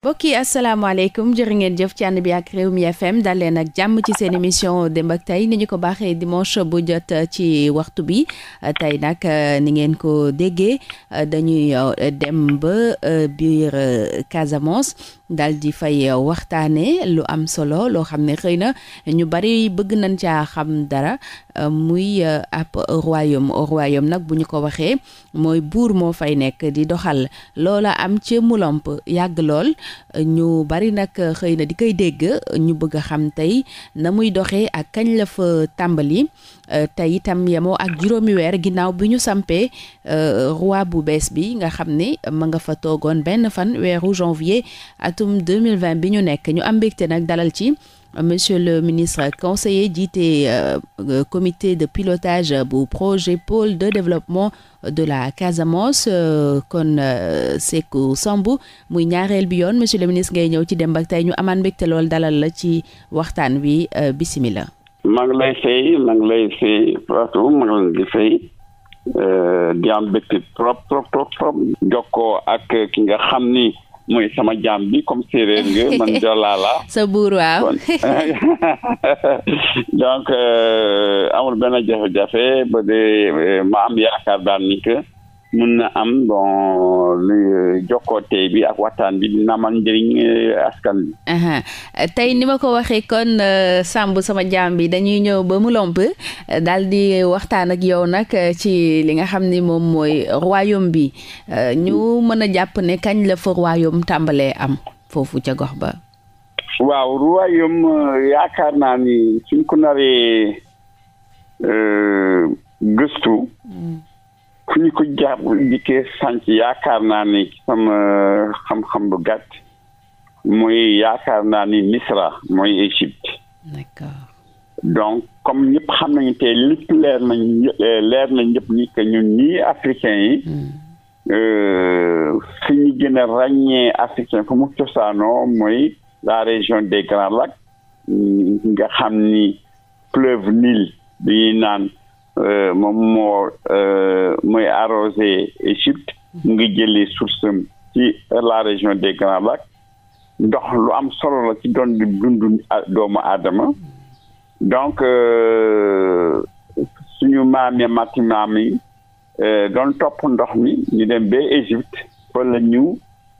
mbokk yi asalaamaaleykum jërë ngeen jëf ci ànd bi ak Rewmi FM dal leen ak jàmm ci seen émission démb ak tey ni ñu ko baaxee dimanche bu jot euh, ci waxtu bi euh, tey nag euh, ni ngeen ko déggee dañuy dem ba biir Casamance dal di fay waxtaanee lu am solo loo xam ne xëy na ñu bari bëgg nañ caa xam dara muy ab royaume royaume nag bu ñu ko waxee mooy buur moo fay nekk di doxal loola am ci mulomp yàgg lool. ñu bari nag eh, xëy na di koy dégg ñu bëgg xam tey na muy doxee ak kañ la fa tàmbali eh, tey itam yemoo ak juróomi weer ginnaaw bi ñu sampee eh, roi bu bees bi nga xam ni ma nga fa toogoon benn fan weeru janvier atum 2020 bi ñu nekk ñu am mbégte nag dalal ci monsieur le ministre conseiller jiite euh, euh, comité de pilotage bu projet pôle de développement de la Casamance euh, kon Sékou Sambou muy ñaareel bi yoon monsieur le ministre ngay ñëw ci dem ak Tay ñu amaan mbégte lool dalal la ci waxtaan wi bisimila maa ngi lay fay maa lay fay Fatou maa ngi leen di am mbégte trop trop trop trop ak ki nga xam ni mooy sama jaam bi comme séeréer nga man joolaa la sa buur waaw donc euh, amul benn jafe-jafe ba de euh, ma am yaakaar daal ni que mun na am bon lu jokkootee bi ak waxtaan bi dina amal eh, askan bi tey ni ma ko waxee kon eh, sàmb sama jaam bi dañuy ñëw ba mu lomp daal di waxtaan ak yow nag eh, ci li nga xam ni moom mooy royaume bi ñu mën a jàpp ne kañ la fa royaume tàmbalee am foofu ca gox ba waaw royaume yaakaar naa ni suñ ko naree gëstu mm. ku ñu ko jàpp dikkee sànc yaakaar naa ni xam-xam bu gàtt mooy yaakaar naa ni Misra mooy Égypte donc comme ñëpp xam nañu te lépp leer nañ leer na ñëpp ni que ñun ñii africains yi hmm. euh, fi ñu gën a ràññee africain fu mu cosaanoo mooy la région des Grands Lacs nga xam ni fleuve Nil bi ñuy naan Euh, moom moo euh, mooy arrosé Égypte mu ngi jëlee source am ci la région des Grands Lacs ndox lu am solo la ci doon di dundu doomu aadama donc euh, suñu maam ya mati maam yi doon topp ndox mi ñu dem ba Égypte fa la ñu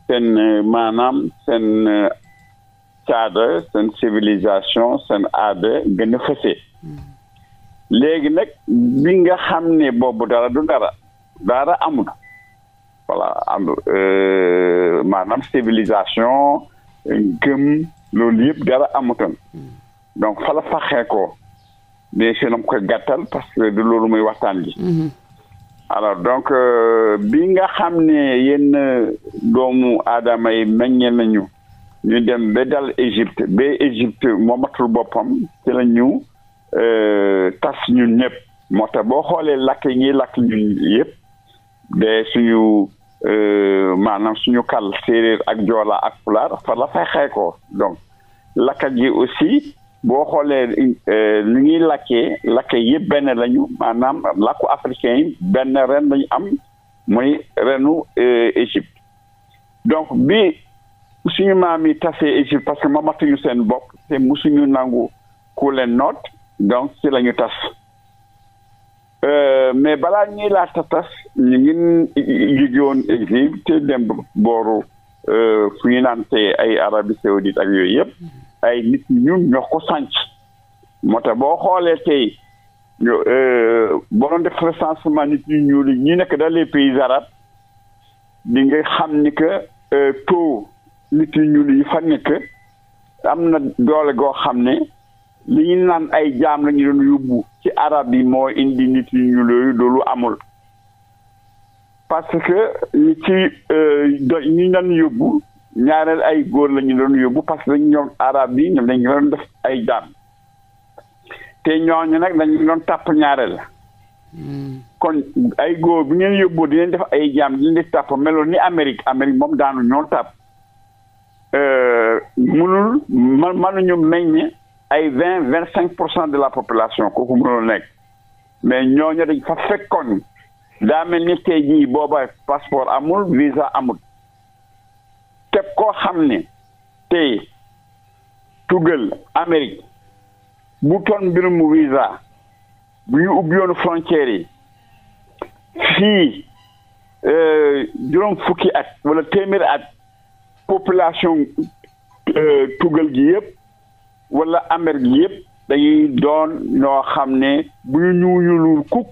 seen maanaam seen caada seen civilisation seen aada gën a fësee léegi nag bi nga xam ne boobu dara du dara dara amul voilà am euh, maanaam civilisation gëm loolu yëpp dara amutoon donc fa la faxee ko mais si ko gàttal parce que du loolu muy waxtaan gi mm-hmm. alors donc euh, bi nga xam ne yenn doomu aadama yi meññe nañu ñu dem ba dal Égypte ba Égypte moomatul boppam ci la ñu Euh, tas ñun ñëpp moo tax boo xoolee lakk yi lakk ñun yëpp de suñu euh, maanaam suñu kàll séeréer ak joola ak pulaar fa ko donc lakkat yi aussi boo xoolee li euh, ñuy lakkee lakke yëpp benn lañu maanaam làkku africain yi benn ren lañu am muy renu Égypte donc bi suñu maam yi tasee Égypte parce que moomatuñu seen bopp te musuñu nangu ku leen noot donc ci la ñu tas euh, mais balaa ñuy laata tas ñu ngi jógewoon exil te dem booru euh, fu ñu naan te ay Arabie saoudite ak yooyu yëpp ay nit ñun ñoo ko sànc moo boo xoolee tey ñu euh, boo doon def recensement nit ñu ñuul ñi nekk dans les pays arabes di nga xam ni que taux nit ñu ñuul yi fa nekk am na doole goo xam ne li ñu naan ay jaam lañu doon yóbbu ci arab yi moo indi nit yu ñuul yooyu amul parce que ñi ci euh, ñu doon yóbbu ñaareel ay góor lañu ñu doon yóbbu parce que ñoom arab yi ñoom dañu doon def ay jaam te ñooñu nag dañu doon tàpp ñaareel hmm. kon ay góor bu ngeen yóbboo dinañ def ay jaam dinañ def tàpp meloon ni Amérique Amérique moom daanu ñoo tàpp euh, mënul man mënuñu meññ ay vingt vingt cinq pour cent de la population kooku mënul nekk mais ñooñu dañ fa fekkoon daa mel ni tey jii booba passeport amul visa amul teb koo xam ne tey tugal Amérique bu toon mbirum visa bu ñu ubbiyoon frontières yi fii euh, juróom fukki at wala téeméer at population euh, tugal gi yëpp wala Amérique yëpp dañuy doon ñoo xam ne bu ñu ñuuñulul kuk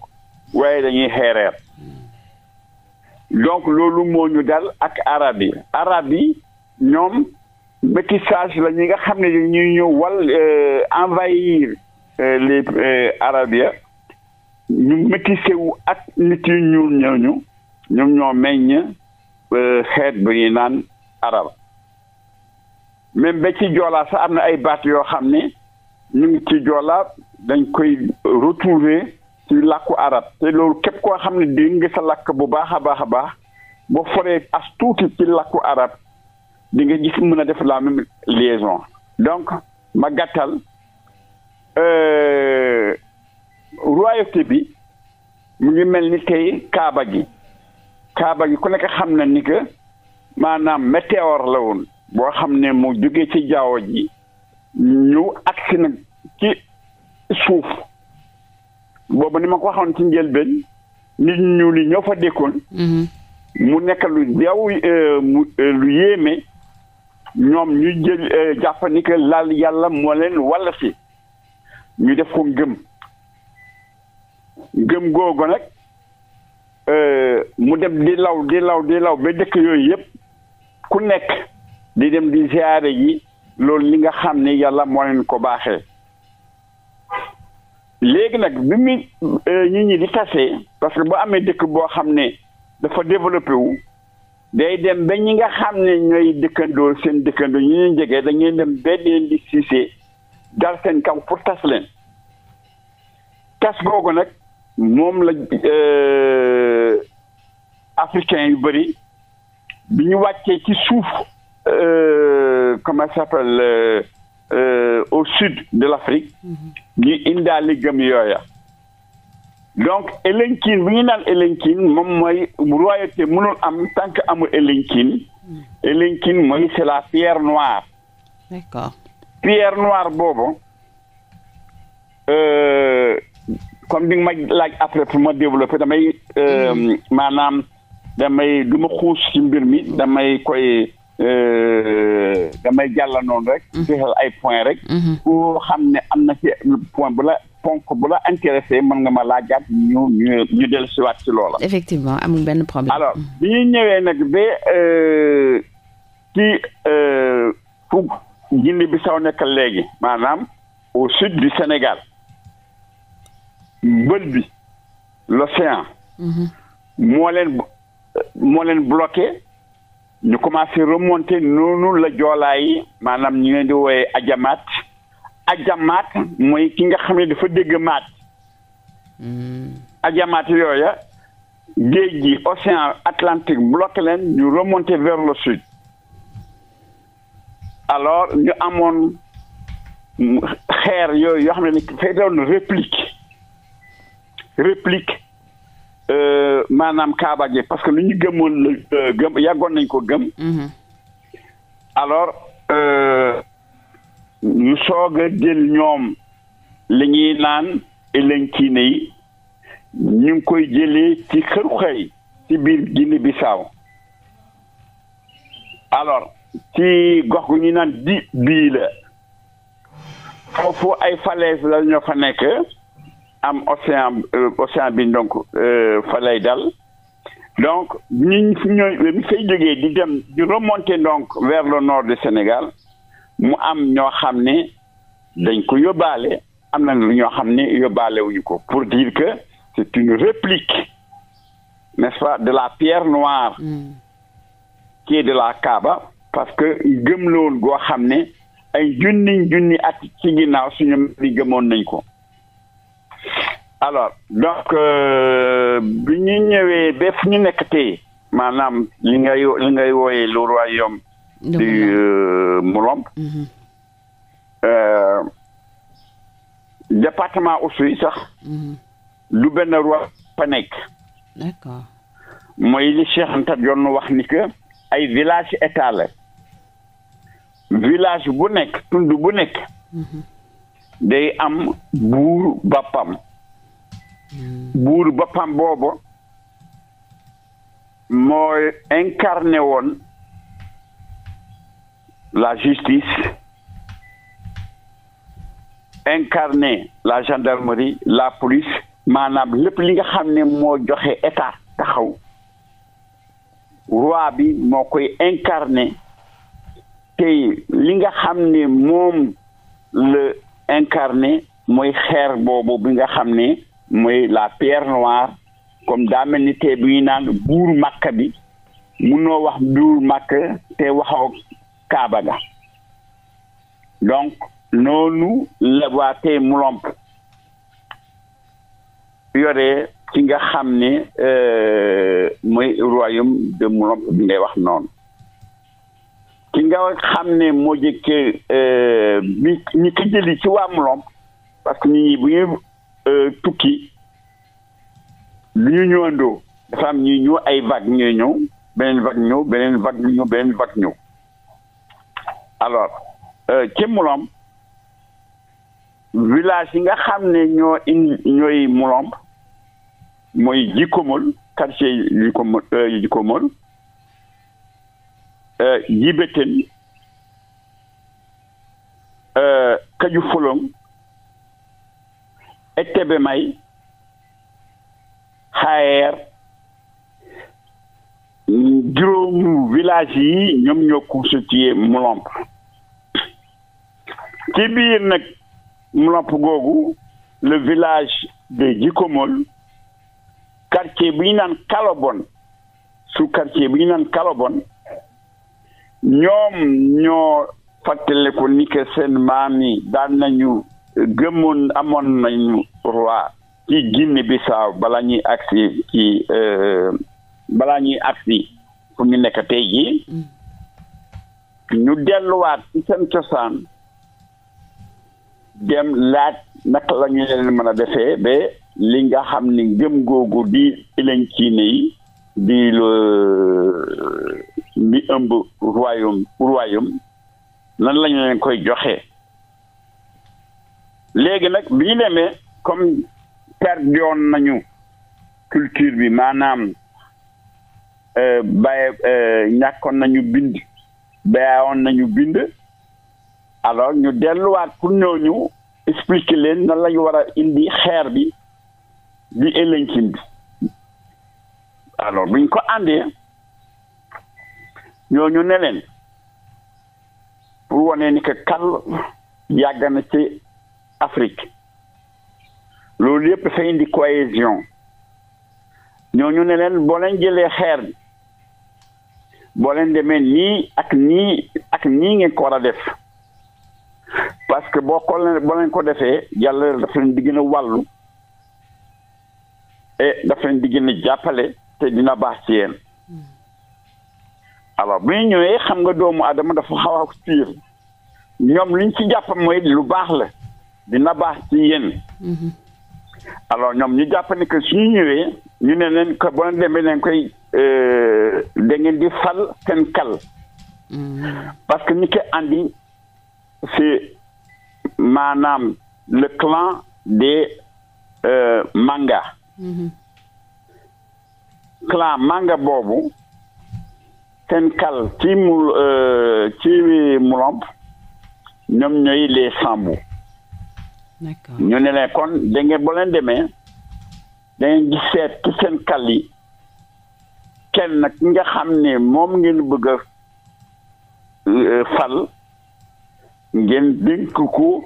waaye dañuy xeereer donc loolu moo ñu dal ak arab yi arab yi ñoom métissage la ñi nga xam ne ñuy ñëw wal euh, envahir euh, les euh, arabes ya ñu métissé wu ak nit yu ñuul ñooñu ñoom ñoo meññ xeet bu ñu naan arab même ba ci joolaa sax am na ay baat yoo xam ne ñu ngi ci joolaa dañ koy retrouver ci làkku arab te loolu képp koo xam ne di nga sa làkk bu baax a baax a baax boo foree as tuuti ci làkku arab di nga gis mën a def la même liaison donc ma gàttal euh, royauté bi mu ngi mel ni tey kaaba gi kaaba gi ku nekk xam na ni que maanaam météore la woon boo xam ne mu jóge ci jaww ji ñëw agsi nag ci suuf boobu ni ma ko waxoon ci njëlbeen nit ñu li ñoo fa dékkoon mm-hmm. mu nekk lu deew euh, euh, lu yéeme ñoom ñu jël euh, jàpp laal yàlla moo leen walla si ñu def ko ngëm ngëm googu nag mu dem di law di law di law ba dëkk yooyu yëpp ku nekk di dem di ziare yi loolu li nga xam ne yàlla moo leen ko baaxee léegi nag bi mu ñu euh, ñi di tasee parce que bu amee dëkk boo xam ne dafa développé wu day dem ba ñi nga xam ne ñooy dëkkandoo seen dëkkandoo ñu leen jege dañuy dem ba leen di siisee dal seen kaw pour tas leen tas googu nag moom la euh, africain yu bëri bi ñu wàccee ci suuf Euh, comment ça euh, euh, au sud de l'Afrique ñu mhm. indaali gëm yooya donc Elinkine bu ñu naan Elinkine moom mooy royauté mënul am tant que amul Elinkine mm. Elinkine mooy c'est la pierre noire pierre noire boobu comme di nga ma laaj après pour ma développer damay mm. maanaam damay du xuus ci mbir mi damay koy Euh, damay jàlla noonu rek. Mm-hmm. fexeel ay point rek. Mm-hmm. ku xam ne am na ci point bu la ponk bu la intéressé mën nga ma laajaat ñu ñu ñu dellusiwaat si loola. effectivement amul benn problème. alors mm-hmm. bi ñu ñëwee nag ba euh, ci euh, fu Guinée Bissau nekk léegi maanaam au sud du Sénégal bël bi l'océan moo leen moo leen bloqué. ñu commencé remonter noonu la joolaa yi maanaam ñu leen di wooye ajamaat ajamaat mooy ki nga xam ne dafa dégg maat ajamaat yooya géej océan Atlantique bloqué leen ñu remonter vers le sud alors ñu amoon xeer yooyu yoo xam ne féetewoon réplique réplique Euh, maanaam Kaaba gi parce que lu ñu gëmoon la euh, gëm yàggoon nañ ko gëm. Mhm. alors euh, ñu soog jël ñoom li ñuy naan elenkiine yi ñu ngi koy jëlee ci xëru xëy ci biir Guinée Bissau alors ci gox gu ñu naan di bii la foofu ay falaise la ñoo fa nekk. am océan euh, océan bi donc euh, fa lay dal donc ñu ñooy bi jógee di dem di remonter donc vers le nord du Sénégal mu am ñoo xam ne dañ ko yóbbaale am na lu ñoo xam ne yóbbaale wuñu ko pour dire que c'est une réplique n'est-ce de la pierre noire mm. de la Kaaba parce que gëm la goo xam ne ay junniñ junni at ci ginnaaw suñu di gëmoon nañ ko alors donc euh, bi ñu ñëwee ba fu ñu nekk tey maanaam li ngay li ngay wooyee le royaume du Mlomp euh, mm-hmm. euh, département aussi sax mm-hmm. du benn roi fa nekk mooy li Cheikh Anta doon wax ni que ay village état la village bu nekk tund bu nekk mm-hmm. day am buur bappam buur boppam booba mooy incarné woon la justice incarné la gendarmerie la police maanaam lépp li nga xam ne moo joxe état taxaw roi bi moo koy incarné tey li nga xam ne moom la incarné mooy xeer boobu bi nga xam ne mooy la pierre noire comme daa mel ni tey bu naan buur màkka bi munoo wax buur màkk te waxoo kaaba ga donc noonu la waa mulomp yore ci nga xam ne euh, mooy royaume de mulomp bi ngay wax noonu ki nga xam ne moo jëkkee euh, mi ñi ko ci waa mulomp parce que nit ñi bu Euh, tukki lu ñu ñëwandoo dafa am ñuy ay vague ñuy ñëw beneen vague ñëw beneen vague ñëw beneen euh, ci Mulomb village yi nga xam ne ñoo in ñooy Mulomb mooy Jikomol quartier Jikomol euh, Jikomol Jibeten Kaju Folong eteɓe may xayeer juróom village yi ñoom ñoo constitué Mlomp ci biir nag Mlomp googu le village de Djikomol quartier bu ñu naan Kalobon su quartier bu ñu naan Kalobon ñoom ñoo fàttaliku ni que seen maam yi daan nañu gëmoon amoon nañu roi ci Guinée Bissau bala ñuy agsi ci euh, balaa ñuy agsi fu ñu nekkate tey jii ñu delluwaat ci seen cosaan dem laaj naka la ñu leen mën a defee ba li nga xam ni gëm googu di leen ciine yi di mi ëmb royaume royaume nan la leen koy joxe léegi nag bi ñu demee comme perdoon nañu culture bi maanaam euh, baye euh, ñàkkoon nañu bind bayawoon nañu bind alors ñu delluwaat pour ñu expliquer leen nan lañu war a indi xeer bi bi élenkin bi alors buñ ko àndee ñooñu ne leen pour wane ni que kal yàgg na ci Afrique loolu yëpp dafay indi cohésion ñooñu ne leen boo leen jëlee xeer boo leen demee nii ak nii ak nii ngeen ko war a def parce que boo ko leen boo ko defee yàlla daf leen di gën a wàllu daf leen di jàppale te dina baax ci yeen alors bu ñu ñëwee xam nga doomu Adama dafa xaw a fiir ñoom liñ ci jàpp mooy lu baax la dina baax ci yéen. Mhm. alors ñoom ñu jàpp ne que suñu ñëwee ñu ne leen que boo demee leen koy euh, da ngeen di fal seen kal. Mhm. parce que ñi koy andi c'est maanaam le clan des euh, manga. Mhm. clan manga boobu seen kal ci mu euh, ci mulomp ñoom ñooy les sambu. ñu ne leen kon dangeen ngeen demee da di seet ci seen kal yi kenn nag nga xam ne moom ngeen bëgg a euh, fal ngeen dénk ko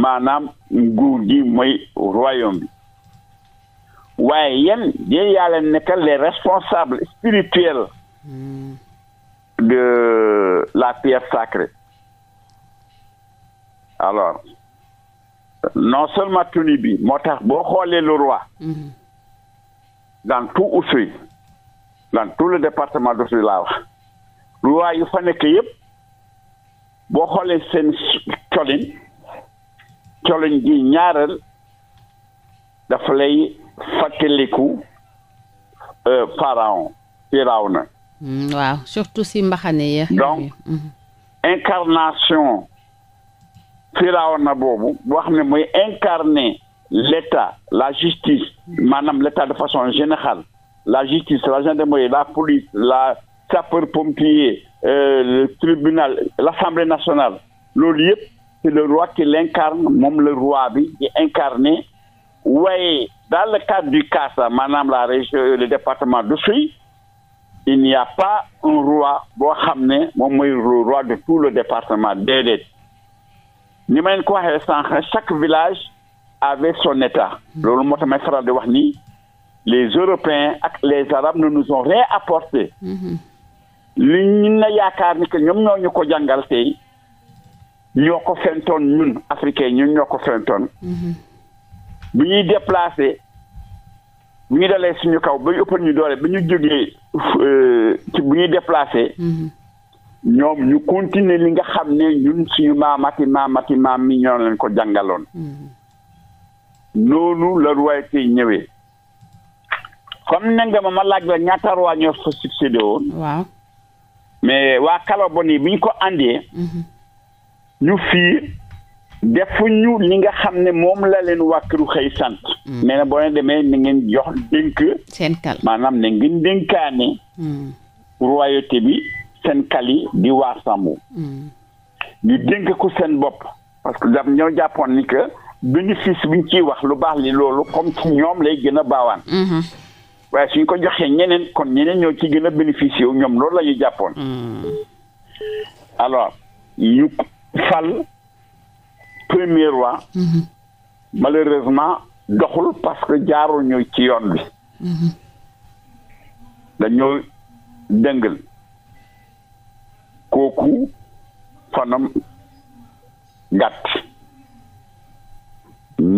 maanaam nguur gi mooy royaume bi waaye yéen yéen yaa leen nekkal les responsables de la pierre sacrée alors non seulement tenue bi moo tax boo xoolee le roi mhm. dans tout Oussouye dans tout le département d'Oussouye laa wax roi yu fa nekk yëpp boo xoolee seen colin colin gi ñaareel dafa lay fàttaliku euh, pharaon Firawna mm, waaw surtout si mbaxane ya donc mhm. incarnation Firawna boobu boo xam ne mooy incarner l'état la justice maanaam l'état de façon générale la justice la gendarmerie la police la sapeur pompier euh, le tribunal l'assemblée nationale loolu yëpp c'est le roi qui l'incarne moom le roi bi incarner waaye dans le cadre du CASA maanaam la région euh, le département d'Oussouye il n'y a pas un roi boo xam ne moom mooy le roi de tout le département déedéet ni ma leen ko waxee sànq chaque village avait son état loolu moo tax may faral di wax ni les européens ak les arabes ne nous ont rien apporté li ñu na yaakaar ni que ñoom ñoo ñu ko jàngal tey ñoo ko fentoon ñun africains ñun ñoo ko fentoon bu ñuy déplacé bu ñu dalee suñu kaw ba ñu ëppoon ñu doole ba ñu jógee euh, ci bu ñuy déplacé mhm. ñoom ñu continuer li nga xam ne ñun suñu maamati maamati maam mi ñoo leen ko jàngaloon mm-hmm. noonu la royauté yi ñëwee comme ne nga ma ma la ñaata roi ñoo succédé woon mais waa Calabon yi bi ñu ko àndee mm-hmm. ñu fii defuñu li nga xam ne moom la leen wàkkiru xëy sant mm. mais na boo demee na ngeen jox dénk seen kal maanaam ne ngeen dénkaane mm. royauté bi seen kali di waa Sambu. ñu dénk ko seen bopp. parce que daf ñoo jàppoon ni que bénéfice bi ñu ciy wax lu baax li loolu comme ci ñoom lay gën a baawaan. Mhm. waaye suñ ko joxee ñeneen kon ñeneen ñoo ci gën a bénéficié ñoom loolu la ñu jàppoon. Mhm. alors ñu fal premier roi. Mhm. malheureusement doxul parce que jaarul ñu ci yoon bi. dañoo dëngal. kooku fanam gàtt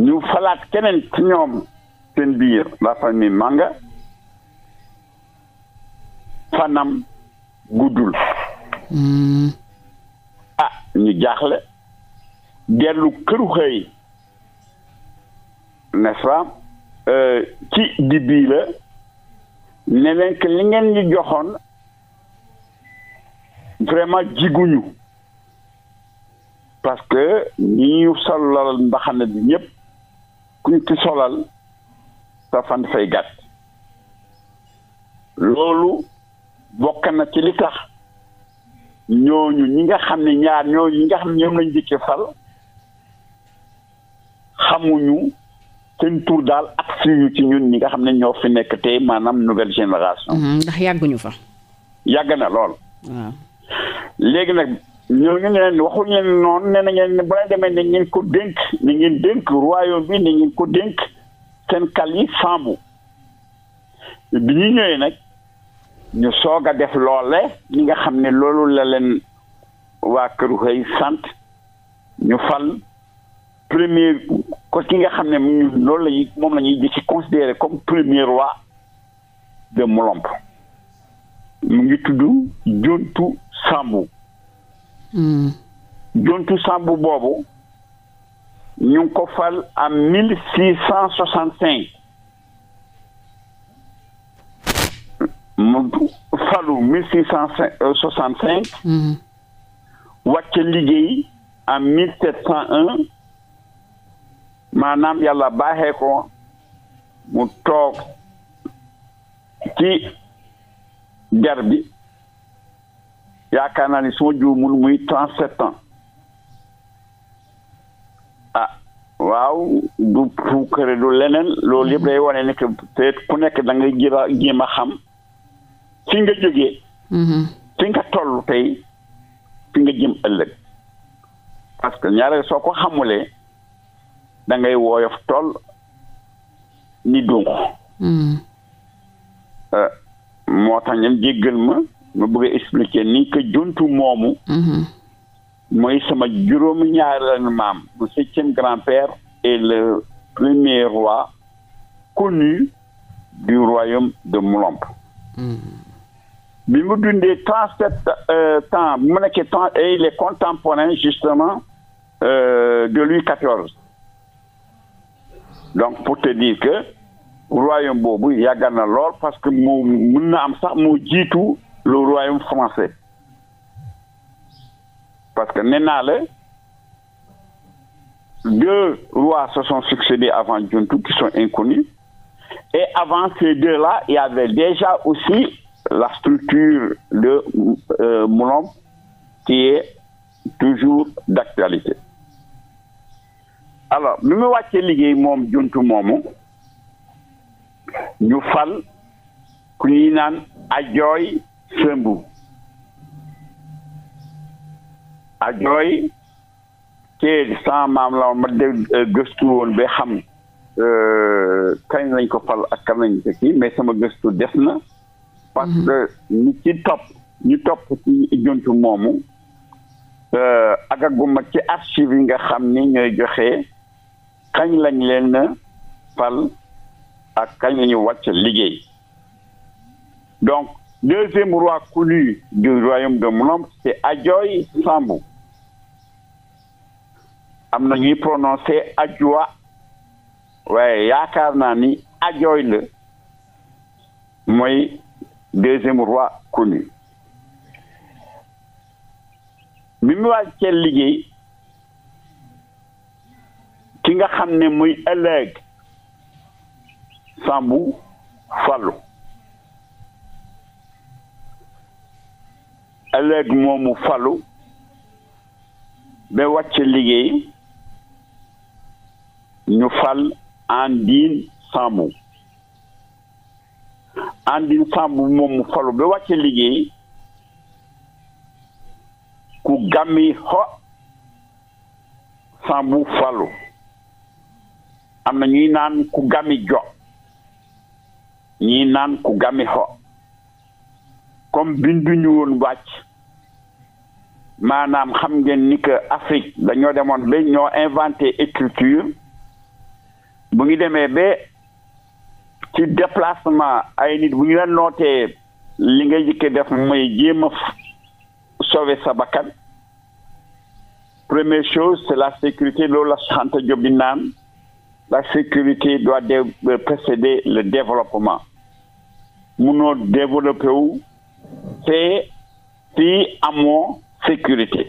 ñu falaat keneen ci ñoom seen biir la famille Manga fanam guddul mm. ah ñu jaaxle dellu këru xëy n'est-ce euh, ci di ne leen que li ngeen ñu joxoon vraiment jiguñu parce que ñi ñu solal mbaxana bi ñëpp kuñ ci solal sa fan fay gàtt loolu bokk na ci li tax ñooñu ñi nga xam ne ñaar ñooñu ñi nga xam ne ñoom lañ njëkkee fal xamuñu seen tur daal ak suñu ci ñun ñi nga xam ne ñoo fi nekk tey maanaam nouvelle génération. Mmh, ndax yàgguñu fa. yàgg na lool. waaw. léegi nag ñoo ngi leen waxuñu leen noonu nee na ngeen bu leen demee ne ngeen ko dénk ni ngi dénk royaume bi ni ngeen ko dénk seen kal yi sàmbu bi ñu ñëwee nag ñu soog a def loole ñi nga xam ne loolu la leen waa këru xëy sant ñu fal premier ko ki nga xam ne loolu lañuy moom la ñuy di ci considéré comme premier roi de Molomp mu ngi tudd Jontu sàmbu hmm. jontu sàmbu boobu ñu ko fal en mille six cent soixante cinq mu falu mille six cent soixante cinq hmm. wàcc liggéey en mille sept cent un maanaam yàlla baaxee ko mu toog ci jar bi yaakaar naa ni su ma juumul muy trente sept ans ah waaw du puukare du leneen loolu yépp day wane ne que ku nekk da ngay jéem jéem a xam fi nga jógee mm-hmm. fi nga toll nga jëm ëllëg parce que ñaareel soo ko xamulee da ngay woyof tool ni dunq mm-hmm. ah, moo tax ñen jéggal ma ma bëgg a expliquer ni que juntu moomu. Mhm. mooy sama juróomi ñaareelu maam le septième grand-père et le premier roi connu du royaume de Mlomp. Mhm. bi mu dundee trente-sept ans euh, mu nekkee temps il est contemporain justement euh, de Louis XIV donc pour te dire que royaume boobu yàgg na lool parce que mu mun na am sax mu jiitu. le royaume français parce que ne naa la deux rois se sont succédés avant Diuntu qui sont inconnus et avant ces deux-là y avait déjà aussi la structure de euh, Moulom qui est toujours d'actualité alors bi mu wàccee liggéey moom Diuntu moomu ñu fal ku ñuy naan ajooy sembu a jooy te sama maam la ma dégg euh, gëstu woon ba xam euh, kañ lañ ko fal ak kañ ko kii mais sama gëstu des na parce que mhm. ñi ci topp ñu topp ci jontu moomu euh, agaguma ci archive yi nga xam ni ñooy joxe kañ lañ leen fal ak kañ lañu wàcc liggéey donc Deuxième roi connu du royaume de Mlomp, c'est Adjoy Sambou. am na ñuy prononcé Adjoa waaye yaakaar naa ni Adjoy la mooy deuxième roi connu bi mu wàccee liggéey ki nga xam ne muy ëllëg sambu Fallou ëllëg moomu falu ba wàcc liggéey ñu fal Andine Sambou Andine Sambou moomu falu ba wàcc liggéey ku gàmmi xo Sambou falu am na ñuy naan ku gàmmi jo ñuy naan ku gàmmi xo comme binduñu woon wàcc maanaam xam ngeen ni que Afrique dañoo demoon ba ñoo inventé écriture bu ngi demee ba ci déplacement ay nit bu ngi la nootee li nga jëkke def mooy jéema a sa bakkan première chose c'est la sécurité loolu la Santa Diop di naan la sécurité doit précéder le développement munoo développé wu te fii amoo sécurité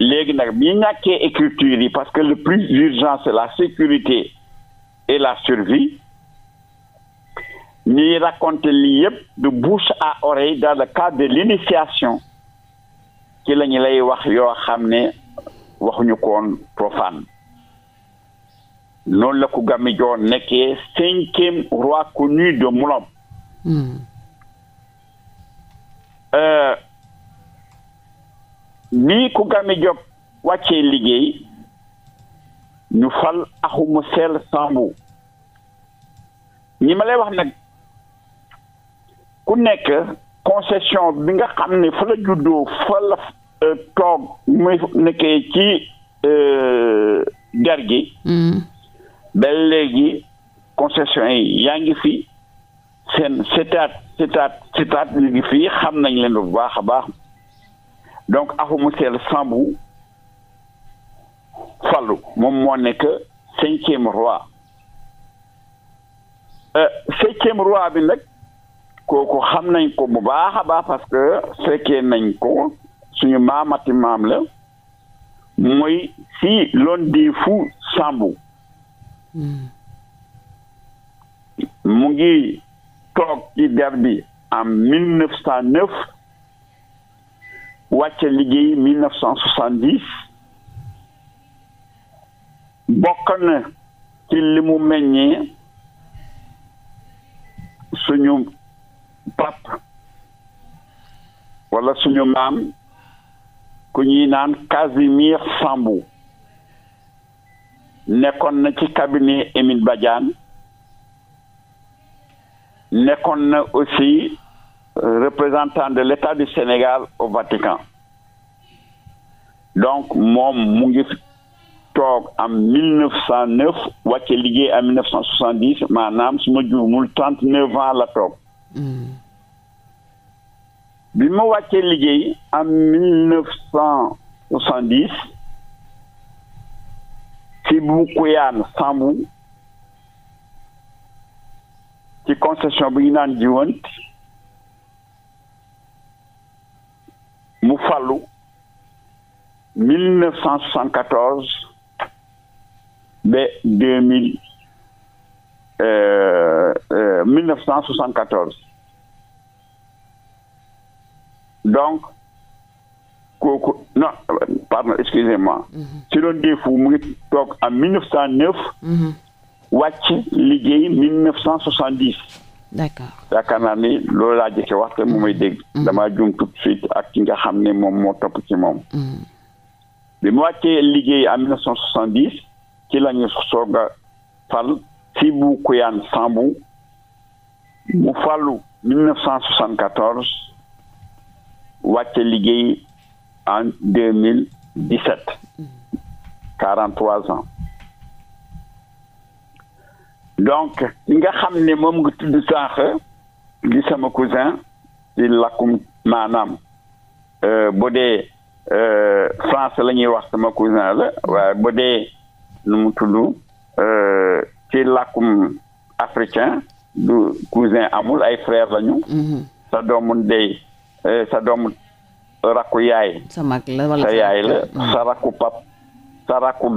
léegi nag bi ñàkkee écriture yi parce que le plus urgent c'est la sécurité et la survie ñuy raconter li yëpp de bouche à oreille dans le cadre de l'initiation ci lañu lay wax yoo xam ne waxuñu ko woon profane noonu la ko Gamidjoo nekkee cinquième roi connu de Moulom. Hmm. bii euh, ku Gàmbi Jóob wàccee liggéey ñu fal axumu seel sambu ñi ma lay wax nag ku nekk concession bi nga xam ne fa la juddoo fa la euh, toog muy nekkee ci euh, der gi mm. léegi concession yi yaa ngi fi seen setaat setaat setaat ñu ngi fii xam nañ leen bu baax a baax donc axu monsieur Sambou Fallou moom moo nekk cinquième roi euh, cinquième roi bi nag kooku xam nañ ko bu baax a baax parce que fekkee nañ ko suñu maamati maam la mooy si loon di fu Sambou hmm. mu ngi toog ci der bi en mille neuf cent neuf wàcce liggéey mille na ci li mu meññee suñu pap wala suñu maam ku ñuy naan Casimir Sambou nekkoon na ci cabinet Émile Badiane nekkoon na aussi euh, représentant de l'État du Sénégal au Vatican donc moom mu ngi toog am mille neuf cent neuf wàcce liggéey am mille neuf cent soixante dix maanaam su ma juumul trente neuf ans la toog hmm. bi ma wàccee liggéey am mille neuf cent soixante dix si bu kuyaan sambu ci concession bi ñu naan jiwoon mu fàllu 1974 ba 2000 1974 euh, euh, donc kooku non pardon excusez-moi. Mhm. ci doon defu mu ngi toog en 1909. wàcc liggéey mille neuf cent soixante yaakaar naa ni loolu laa jëkke wax te mu may mm. mm. dama jum tout de suite ak ki nga xam ne moom moo topp ci moom mm. bi mu wàccee liggéey en mille neuf cent ci lañu soog a fal si bu kuyaan sambu mu fàllu wàcce liggéey en deux mille donc li nga xam ni moom nga tudd sànq li sama cousin ci lakkum maanaam euh, bu dee euh, France la ñuy wax sama cousin la waaye bu dee nu mu tudd euh, ci làkkum africain du cousin amul ay frère lañu mhm. sa doomu ndey sa doomu rakku yaay sa sa yaay la mhm. sa rakku pap sa rakku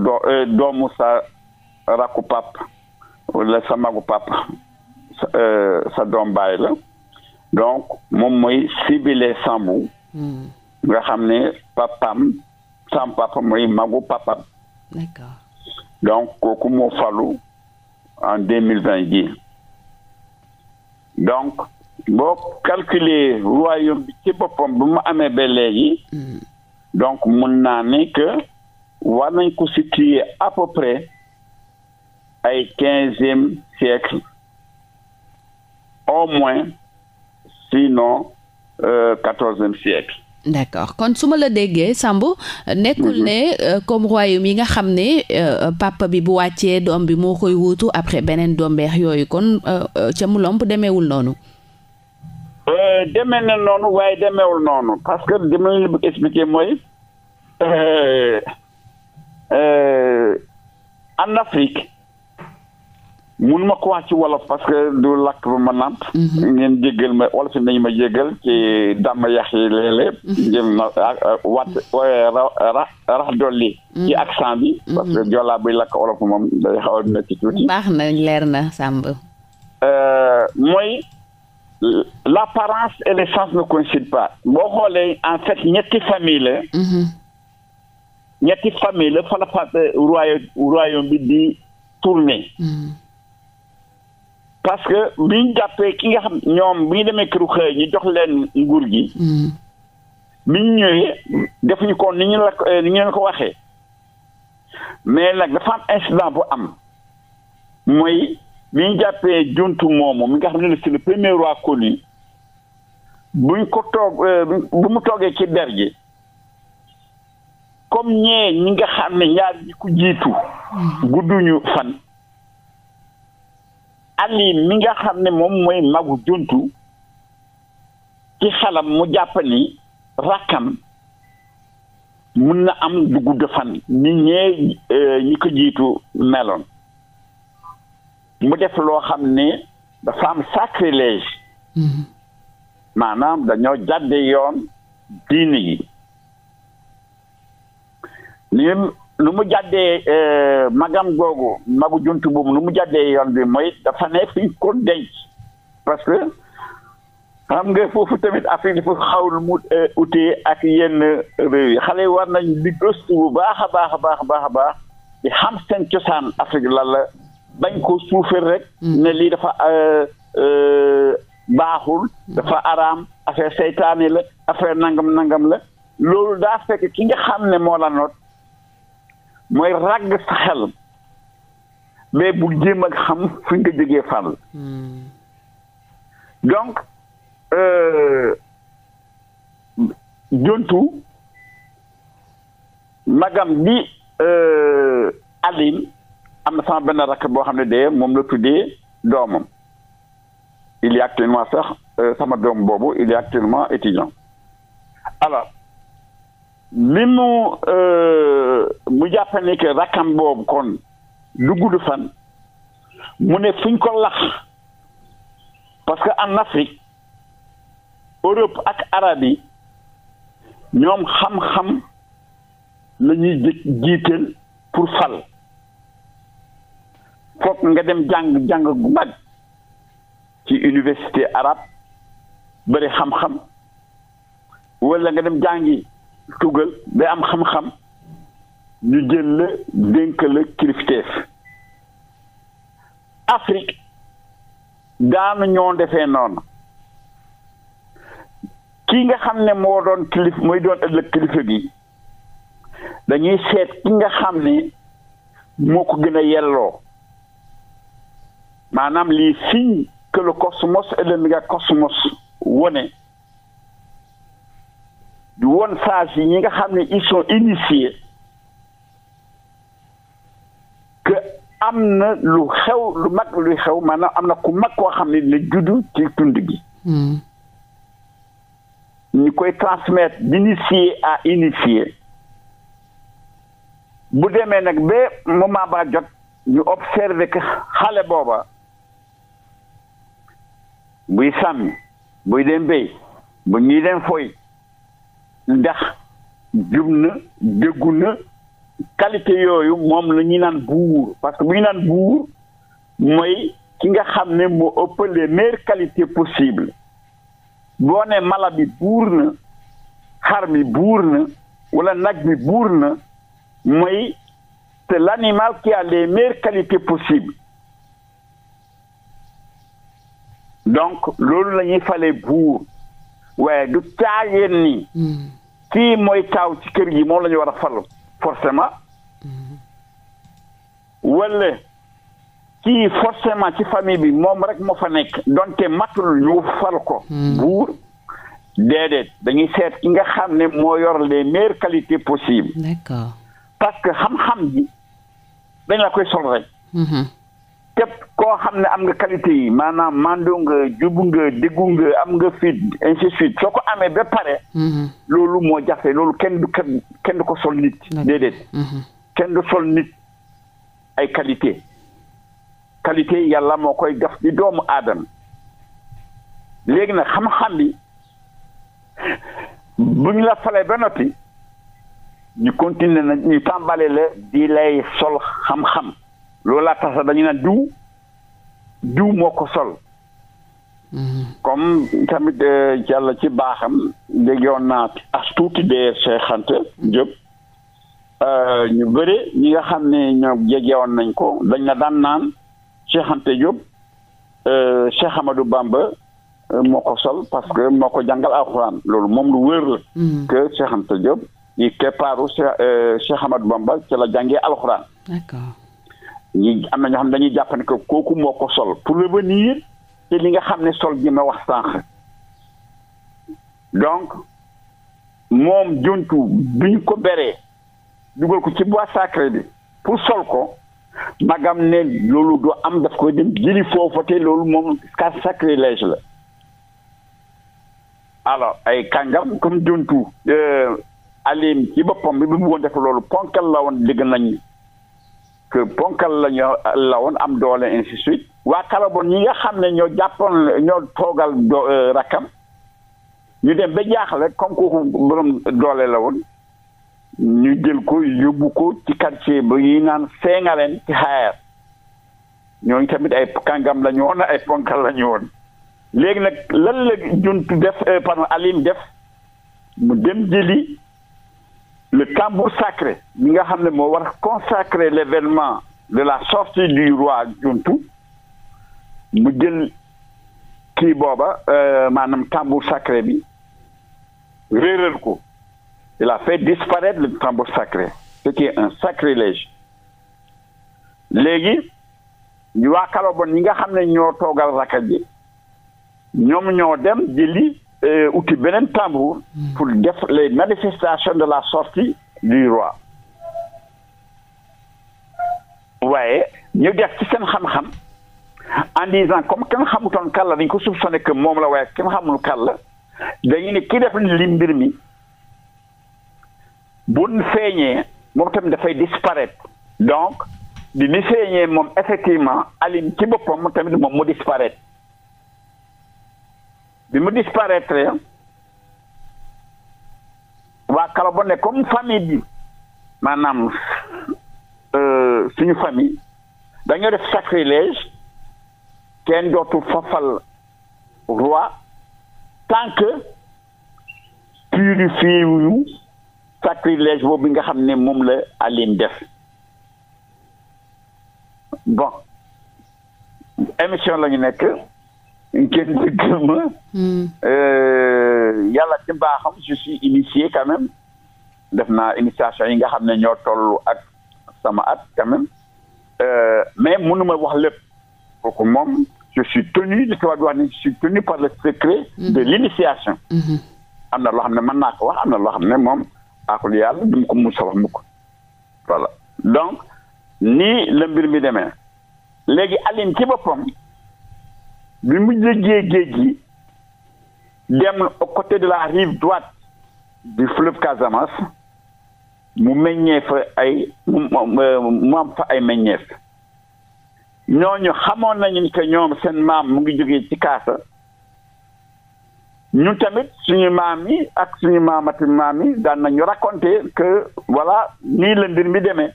doomu sa rakku pap la sa magu papa sa euh, sa doom la donc moom mooy sibile sambu hmm. nga xam ne papam sam papa mooy magu papam d'accord donc kooku moo falu en deux mille vingt ji donc boo calculer royaume bi ci boppam bu mu amee ba léegi hmm. donc mun naa ne que war nañ ko situer à peu près ay quinzième siècle au moins sinon euh, quatorzième euh, siècle d'accord kon su ma la déggee Samb nekkul ne mhm. euh, comme royaume yi nga xam ne euh, papa bi bu wàccee doom bi moo koy wuutu après beneen dombeex yooyu kon ca mu lomp demeewul noonu demee na noonu waaye demewul noonu parce que dama la bëgg expliquer mooy en Afrique mënuma ko wax ci wolof parce que du làkk ba ma nàmp mhm. ngeen jéggal ma wolof yi ma jéggal ci dàmm yax yi léeg-léeg mhm. jëm na ah, ah, wat rax rax dolli ci mhm. accent bi parce que joolaa buy làkk wolof moom day xaw a metti tuuti baax na leer na Samb euh, mooy l'apparence et l'essence ne coïncident pas boo xoolee en fait ñetti famille la ñetti famille la fa la euh, royaume bi di tourner parce que bi ñu jàppee ki nga xam ñoom bi ñu demee këru xëy ñu jox leen nguur gi. Mm. bi ñëwee defuñu ko ni ñu la ko eh, ni ñu leen ko waxee mais nag dafa am incident bu am mooy bi ñu jàppee juntu moomu mi nga xam ne c'est le premier roi connu buñ ko toog eh, bu mu toogee ci der gi comme ñee ñi nga xam ne ñaar ñi ko jiitu mm. gudduñu fan. Ali mi nga xam ne moom mooy magu juntu ci xelam mu jàpp ni rakkam mun na am du gudd ni ñee euh, ñi ko jiitu meloon mu def loo xam ne dafa am sacrilège mm-hmm. maanaam dañoo jàdde yoon diini yi lu mu jàddee euh, magam googu magu juntu boobu lu mu jàddee yoon bi mooy dafa ne fi ñu ko denc parce que xam nga foofu tamit Afrique dafa xawul mu euh, utee ak yenn yi xale yi war nañ di gëstu bu baax a baax a baax a baax a baax di xam seen cosaan Afrique lan la bañ ko suufeel rek mm. ne lii dafa euh, baaxul mm. dafa araam affaire seytaane la affaire nangam nangam la loolu daa fekk ki nga xam ne moo la noot mooy ràgg sa xel mais bu jéem a xam fi nga jógee fan la hmm. donc euh, jontu magam bi euh, Aline am na sama benn rakk boo xam ne de moom la tuddee doomam il est actuellement sax euh, sama doom boobu il est actuellement étudiant alors mi mu euh, mu jàpp ne que rakkam boobu kon du gudd fan mu ne fuñ ko lax parce que en Afrique Europe ak arab yi ñoom xam-xam la ñuy jë jiital pour fal foog nga dem jàng jàng gu mag ci université arabe bëri xam-xam wala nga dem jàngi tugal day am xam-xam ñu jël la dénk la kilifteef Afrique daanu ñoo defee noonu ki nga xam ne moo doon kilif mooy doon ëllëg kilifa gi dañuy seet ki nga xam ne moo ko gën a yelloo maanaam lii signe que le cosmos et le wone di won sages yi ñi nga xam ne ils sont initiés am na lu xew lu mag luy xew maanaam am na ku mag koo xam ne la juddu ci tund gi hmm. ñu koy transmettre d'initié à initié bu demee nag ba moment ba jot ñu observer que xale booba buy sàmmi buy dem béy bu ñuy dem foy ndax jub na déggu na qualité yooyu moom la ñuy naan buur parce que bu ñu naan buur mooy ki nga xam ne moo ëpp les meilleures qualités possibles boo ne mala buur na xar mi buur na wala nag mi buur na mooy te l'animal qui a les meilleures qualités possibles donc loolu la ñuy fale buur waaye du caageen ni hmm. kii mooy taaw ci kër gi moom la ñu war a fal forcément wala kii forcément ci famille bi moom rek moo fa nekk donte matul ñu fal ko hmm. buur déedéet dañuy seet ki nga xam ne moo yor les meilleures qualités possibles d'accord parce que xam-xam bi dañ la koy sol rek képp koo xam ne am nga qualité yi maanaam mandoo nga jubu nga déggu nga am nga fit ainsi de suite soo ko amee ba pare. Mhm. loolu moo jafe loolu kenn du kenn du ko sol nit. déedéet mhm. kenn du sol nit ay qualité qualité yàlla moo koy def di doomu aadama léegi nag xam-xam bi bu la falee ba noppi ñu continuer na ñu tàmbale la di lay sol xam-xam. loolaa tax sax dañu naan diw diw moo ko sol mhm. comme tamit euh, yàlla ci baaxam déggoon naa as tuuti de Cheikh jëp Diop euh, ñu bëri ñi nga xam ne jege jegewoon nañ ko dañ na daan naan Cheikh Anta Diop euh, Cheikh Bamba moo ko sol parce que moo ko jàngal alxuraan loolu moom lu wër la mhm. que Cheikh Anta yi keppaaru Cheikh Amadou Bamba ci la jàngee alxuraan ñi am na ñoo xam dañuy jàpp kooku moo ko sol pour revenir te li nga xam ne sol gi ma wax sànq donc moom juntu bi ñu ko beree dugal ko ci bois sacré bi pour sol ko magam ne loolu du am daf koy dem jëli foofu te loolu moom ka sacrilège la alors ay kàngam comme juntu euh, alim ci boppam bi bu bëggoon def loolu ponkal la woon dégg nañ que ponkal lañu ñoo la woon am doole ainsi de waa Karaboon ñi nga xam ne ñoo jàppoon ñoo toogal do euh, rakkam ñu dem ba jaaxle comme kooku borom doole la woon ñu jël ko yóbbu ko ci quartier ba ñuy naan Sengaleen ci xaar ñooñu tamit ay kàngam lañu ñu woon ay ponkal la ñu woon léegi nag lan juntu def euh, pardon Aline def mu dem jëli le tambour sacré mi nga xam ne moo war a consacrer l'événement de la sortie du roi Juntu mu jël ki booba euh, maanaam tambour sacré bi réeral ko la a fait disparaître le tambour sacré ce qui est un sacrilège léegi ñu waa bon ñi nga xam ne ñoo toogal rakkat ji ñoom ñoo dem jëli uti euh, beneen tambour pour def les manifestations de la sortie du roi waaye ñu def ci seen xam-xam en disant comme kenn xamutoon kàlla dañ ko soupçonné que moom la waaye kenn xamul kàlla dañu ne ki def li mbir mi buñ feeñee moom tamit dafay disparaître donc di ni feeñee moom effectivement alim ci boppam tamit moom mu disparaître bi mu disparaître waa Kalabone comme famille bi maanaam euh, suñu famille dañoo def sacrilège kenn dootul fafal roi tant que purifié wu sacrilège boobu nga xam ne moom la Aline def bon émission lañu nekk. ngeen dëgg ma hmm. euh, yàlla ci mbaaxam je suis initié quand def naa initiation yi nga xam ne ñoo toll ak sama at quand même euh, mais ma wax lépp kooku moom je suis tenu li tubaab di wax ni je suis tenu par le secret hmm. de l'initiation hmm. am na loo xam ne mën naa ko wax am na loo xam ne moom akul yàlla du mu ko mus a wax mukk voilà donc nii la mbir mi demee léegi Aline ci boppam bi mu jéggee géej gi dem au côté de la rive droite du fleuve Casamance mu meññee fa ay mu fa ay meññeef ñooñu xamoon nañu que ñoom seen maam mu ngi jógee ci kaasa ñu tamit suñu maam yi ak suñu maamati maam yi daan nañu raconter que voilà nii la mi demee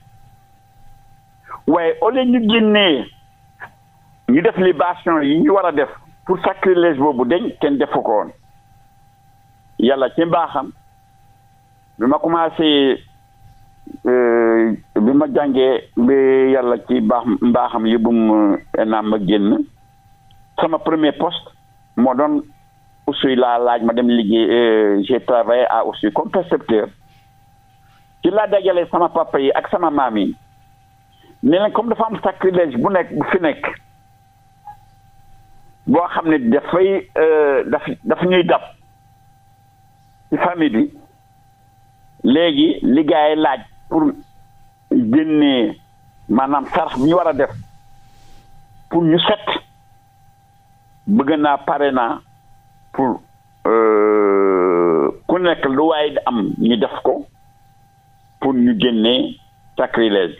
waaye au ñu génnee ñu def libation yi ñu war a def pour sacrilège boobu deñ kenn defu ko yàlla ci mbaaxam bi ma commencé euh, bi ma jàngee bi yàlla ci baax mbaaxam yi yóbbum euh, naa ma génn sama premier poste moo doon Oussouye laa laaj ma dem liggéey euh, j'ai travaillé à aussi comme percepteur ci laa dajale sama papa yi ak sama maam yi ne leen comme dafa am sacrilège bu nekk bu fi nekk boo xam ne dafay euh, daf daf ñuy dab ci famille bi léegi li laaj pour génnee maanaam sarax bi ñu war a def pour ñu set bëgg naa pare na pour euh, ku nekk lu waaye di am ñu def ko pour ñu génnee sacrilège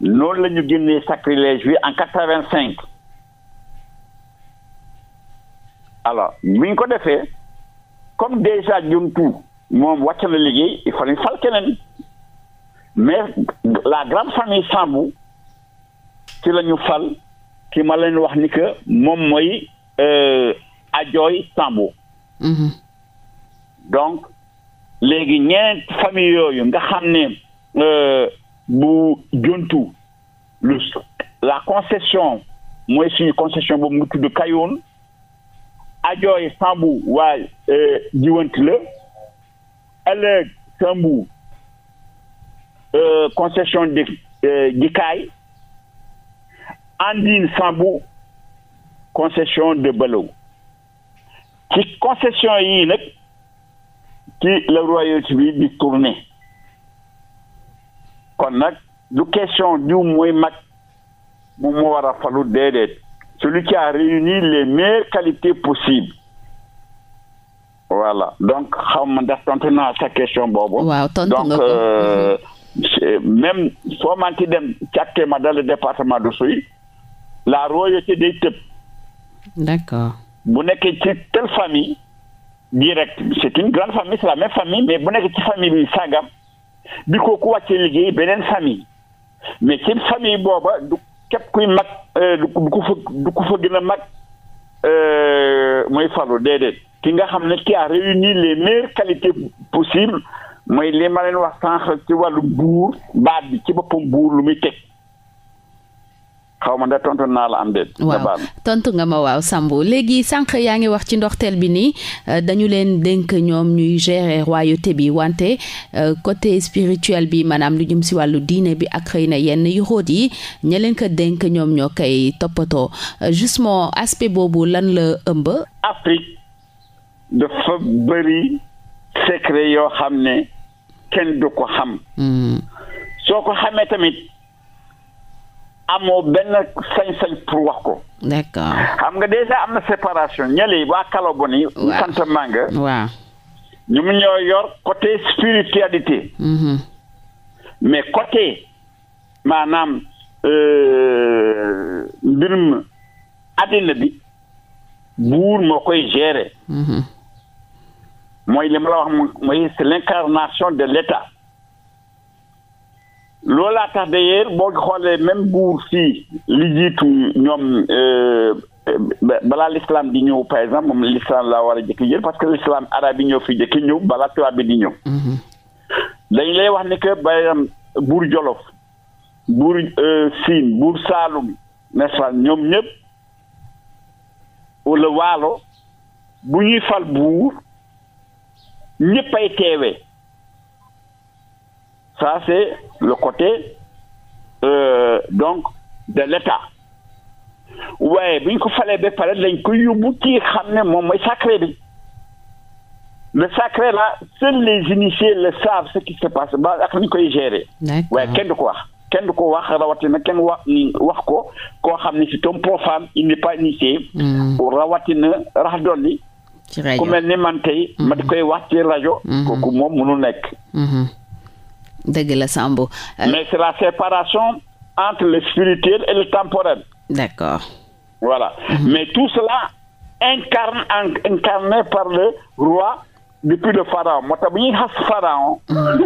bi noonu la ñu génnee sacrilège bi en quatre-vingt-cinq alors biñ ko defee comme déjà Ndiountou moom wàcc na liggéey il faut ñu fal keneen mais la grande famille sambu ci la ñu fal ki ma leen wax ni que moom mooy euh, Adjoy sambu mhm. donc léegi ñeent famille yooyu nga xam ne euh, bu Ndiountou lu la concession mooy suñu concession boobu mu tudd Kayoon Ajoy Sambou waa eh, Jiwanti la ëllëg Sambou eh, concession di eh, Dikaay Andine Sambou concession de Balow ci concession yi nag ci la royauté di tourné kon nag du question diw mooy mag mu moo war a falu déedéet celui qui a réuni le meilleures qualités possibles. voilà donc xaw ma ndax tontu naa question boobu. waaw tontu nga ko donc euh, soo manti dem càkkee ma dans le département de Souy la royauté day tëb. d'accord bu nekkee ci telle famille direct c'est une grande famille c'est la même famille mais bu nekkee ci famille bi sangam bi kooku wàccee liggéey beneen famille mais ci famille booba képp kuy mag euh, du ko fa du ko fa gën a mag euh, mooy falu déedéet ki nga xam ne ki a réuni les meilleures qualités possibles mooy li ma leen wax sànq ci wàllu buur baat bi ci boppam buur lu muy teg xaw ma ndax tontu naa la am déet. tontu nga ma waaw Sambou léegi sànq yaa ngi wax ci ndoxteel bi nii euh, dañu leen dénk ñoom ñuy gérer royauté bi wante euh, côté spirituel bi maanaam lu jëm si wàllu diine bi ak xëy na yenn yu yi ña leen ko dénk ñoom ñoo koy toppatoo euh, justement aspect boobu lan la ëmb. Afrique dafa bëri secret yoo xam ne kenn du ko xam. Hmm. soo ko xamee tamit. amoo benn sañ-sañ pour wax ko. d'accord nga déjà am na séparation ñële waa Kalaboni. waaw sant Manga. waaw ñu mu ñoo yor côté spiritualité. Mm-hmm. mais côté maanaam euh, mbirum àddina bi buur moo koy gérer. Mm-hmm. mooy li ma la wax mooy c'est l'incarnation de l'État. loolaa tax d'ailleurs boo xoolee même buur si li jiitu ñoom euh, balaa l'islam di ñëw par exemple moom l'islam laa war a jëkki jël parce que l'islam arab yi ñëw fi jëkk ñëw balaa tubaab bi di ñëw mm-hmm. dañ lay wax ni que par exemple buur Jolof buur euh, Siin buur Saalum nest ñoom ñëpp wala waalo bu ñuy fal buur ñëpp ay teewee Ça, c'est le côté euh, donc de l'État. waaye bu ñu ko falee ba pare lañ ko yóbbu ki xam ne moom mooy sacré bi le sacré là seuls les initiés le savent ce qui se passe ba ak ni koy gérer. waaye kenn du ko wax kenn du ko wax rawatina kenn wax wax ko koo xam ne si tom profane il n'est pas initié. Mm. rawatina rax dolli. ku mel ni man tey. ma mm-hmm. koy wax ci rajo. Mm-hmm. kooku moom mënul nekk. Mm-hmm. dëgg la Sambou. Euh, mais c'est la séparation entre le et le temporel. d'accord. voilà mhm. mais tout cela incarne incarné par le roi depuis le pharaon moo tax bu ñuy xas pharaon mhm.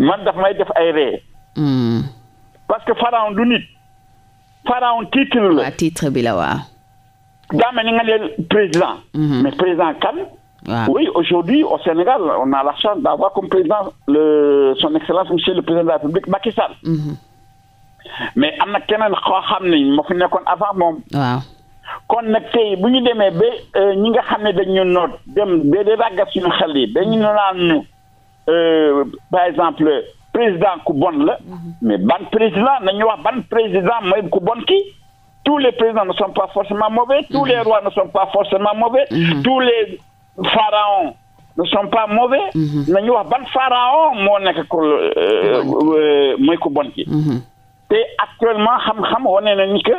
man daf may def ay mhm. parce que pharaon du nit pharaon titre la. titre bi la waaw. ni nga ne président. mais président kan. Ah. Oui, aujourd'hui, au Sénégal, on a la chance d'avoir son Excellence, Monsieur le Président de la République, Macky Sall. Mm -hmm. mais am na keneen koo xam ne moo fi nekkoon avant moom. waaw kon nag tey bu ñu demee ba euh, ñi nga xam ne dañu noot dem ba di ràggat suñu xel yi dañu naan ñu euh, par exemple président ku bon la. Mhm. mais ban président nañu wax ban président mooy ku bon kii. tous les présidents ne sont pas forcément mauvais. tous les mhm. rois ne sont pas forcément mauvais. Mhm. tous les pharaon ne sont pas mauvais. Mhm. nañu wax ban pharaon moo nekk ku euh, euh, mooy ku bon ci mhm. te actuellement xam-xam wane na ni que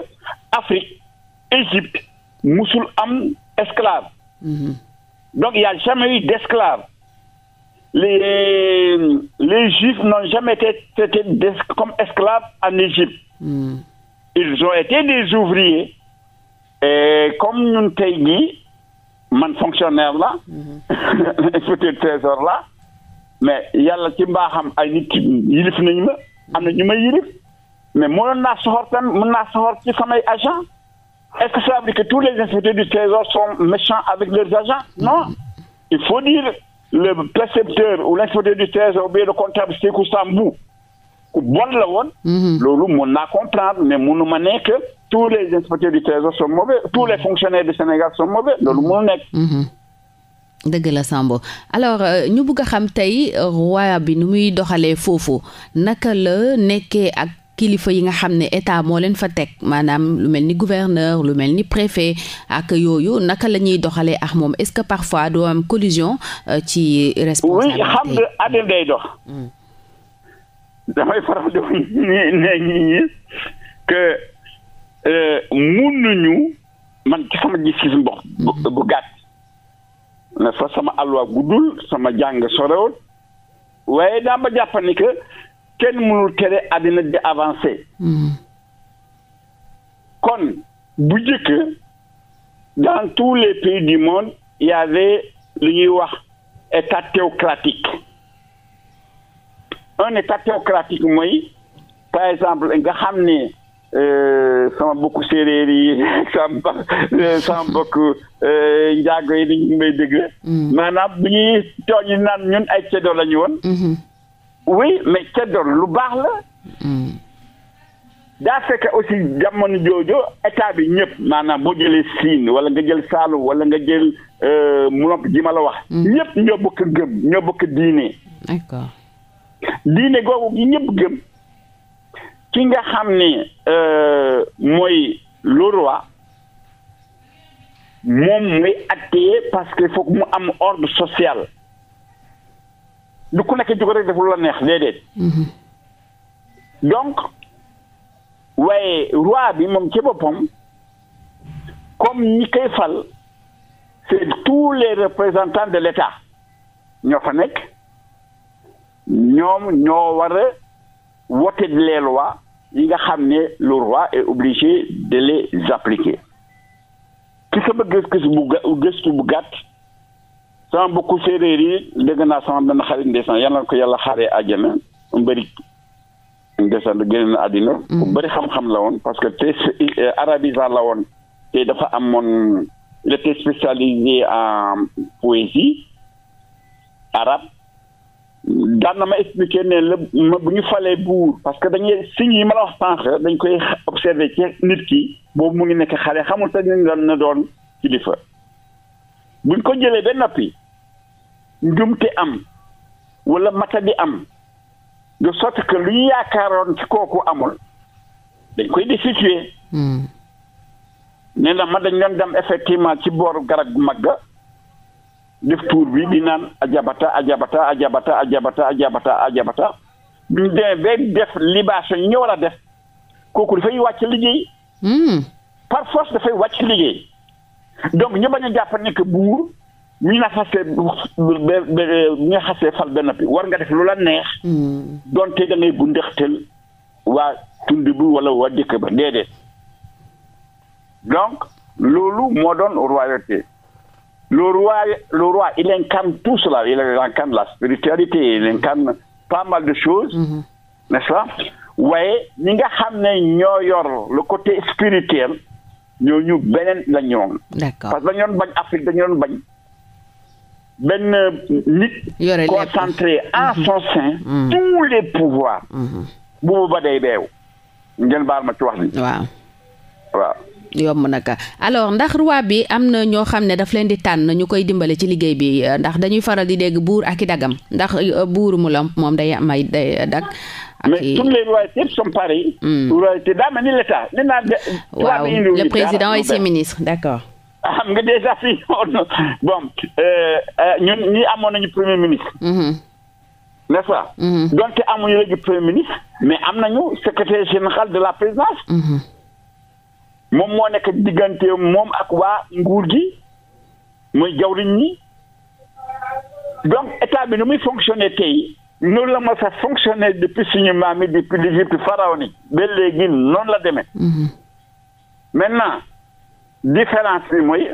Afrique Égypte musul am esclave. Mhm. donc il y a jamais eu d'esclave. les euh, les juifs n'ont jamais été traités comme esclaves en Égypte. ils ont été des ouvriers et comme ñun man fonctionnaire la mm-hmm. inspecteur trésor la mais yàlla ci mbaaxam ay nit yilif nañ ma am na ñu may yilif mais mënoon naa soxor kan mën naa soxor ci samay agent est-ce que ça veut dire que tous les inspecteurs du trésor sont méchants avec leurs agents non il faut dire le précepteur ou l'inspecteur du trésor ou bien le comptable Sékou Sambou ku bon la woon. Mhm. loolu mun naa comprendre mais munu ma nekk tous les inspecteurs du trésor sont mauvais tous les mhm. fonctionnaires du Sénégal sont mauvais loolu mhm. munu nekk. dëgg la Sambo alors euh, ñu bugg a xam tey euh, roi bi nu muy doxalee foofu naka la nekkee ak kilifa yi nga xam ne état moo leen fa teg maanaam lu mel ni gouverneur lu mel ni préfet ak yooyu naka la ñuy doxalee ak moom est-ce que parfois doo am collision euh, ci responsabilité oui xam nga àddina day dox. Mm. damay faral di wax ne ñi ñi que euh, mënuñu man ci sama gis-gis mbox bu gàtt ne fa sama alwa guddul sama jàng sorewul waaye daa ma jàpp kenn mënul tere àddina di avancé hmm. kon bu jëkk dans tous les pays du monde y avait lu ñuy wax état théocratique un état théocratique mooy par exemple nga xam ne euh, sama mbokku séeréer yi sama euh, sama mbokku euh, njaago yi ni ñu may dégg. Mm. maanaam bu ñuy tooñ naan ñun ay ceddo la ñu woon. Mm-hmm. oui mais ceddo lu baax la. Mm. daa fekk aussi jamono joojo état bi ñëpp maanaam boo jëlee Siin wala nga jël Saalum wala nga jël Munop ji ma la wax. Mm. ñëpp ñoo bokk gëm ñoo bokk diine. diine googu gi ñëpp gëm ki nga xam ni euh, mooy le roi moom mooy attee parce que foog mu am ordre social du ku nekk jóg rek def la neex déedéet mhm. donc waaye roi bi moom ci boppam comme ñi koy fal c'est tous les représentants de l'État ñoo fa nekk ñoom ñoo war a voter les yi nga xam ne le roi est obligé de les appliquer ci sama gëstu bu gëstu bu gàtt sama bokku séeréer yi dégg naa sama benn xarit ndeysaan yal na ko yàlla xaaree àjjana mu bëri ndeysaan génn na àddina bu mm. bëri xam-xam la woon parce que te euh, arabisant la woon te dafa amoon il était spécialisé en poésie arabe daan na ma expliqué ne la bu ñu falee buur parce que dañuy signe yi ma la wax sànq dañ koy observé ci nit ki boobu mu ngi nekk xale xamul te ñu doon na doon kilifa buñ ko jëlee ba noppi njumte am wala mata di am de sorte que lu ñu yaakaaroon ci kooku amul dañ koy destitué hmm. nee na ma dañ doon dem effectivement ci booru garab gu mag def pour bi di naan ajabata ajabata ajabata ajabata ajabata ajabata duñ demee ba def libation ñu war a def kooku dafay wàcc liggéey. Hmm. par force dafay wàcc liggéey. donc ñu bañ a jàpp buur ñu na xasee nga xasee fal ba noppi war nga def lu la neex. Hmm. donte da ngay bu ndextel waa tund bi wala waa dëkk ba déedéet donc loolu moo doon royauté. Le roi, le roi, il incarne tout cela. Il incarne la spiritualité, il incarne pas mal de choses, mm -hmm. n'est-ce ñi nga xam ne ñoo yor le côté spirituel ñooñu beneen la ñu doon. d'accord parce que dañu doon bañ Afrique dañu bañ benn nit. concentré en mm-hmm. son sein. Mm-hmm. tous les pouvoirs. Mm-hmm. bu boobaa day beew. ngeen baal ma ci waaw. yomb naka alors ndax roi bi am na ñoo xam ne daf leen di tànn ñu koy dimbale ci liggéey bi ndax dañuy faral di dégg buur ak i daggam ndax euh, buur mu la moom day am ay day dag. mais toutes les royautés yëpp sont pareilles. Hmm. royauté daa mel ni l'État nee naa. waaw le président et ses ministres d'accord. Ah, xam nga déjà fii bon euh, euh, ñun nañu premier ministre. Mm-hmm. n'est-ce mm-hmm. amuñu léegi premier ministre mais am nañu secrétaire général de la présidence. Mm-hmm. moom moo nekk diggante moom ak waa nguur gi muy jawriñ ñi donc état bi nu muy fonctionner tey noonu la ma sa fonctionner depuis suñu maam yi depuis l'Égypte pharaon yi ba léegi noonu la demee mhm. maintenant différence bi mooy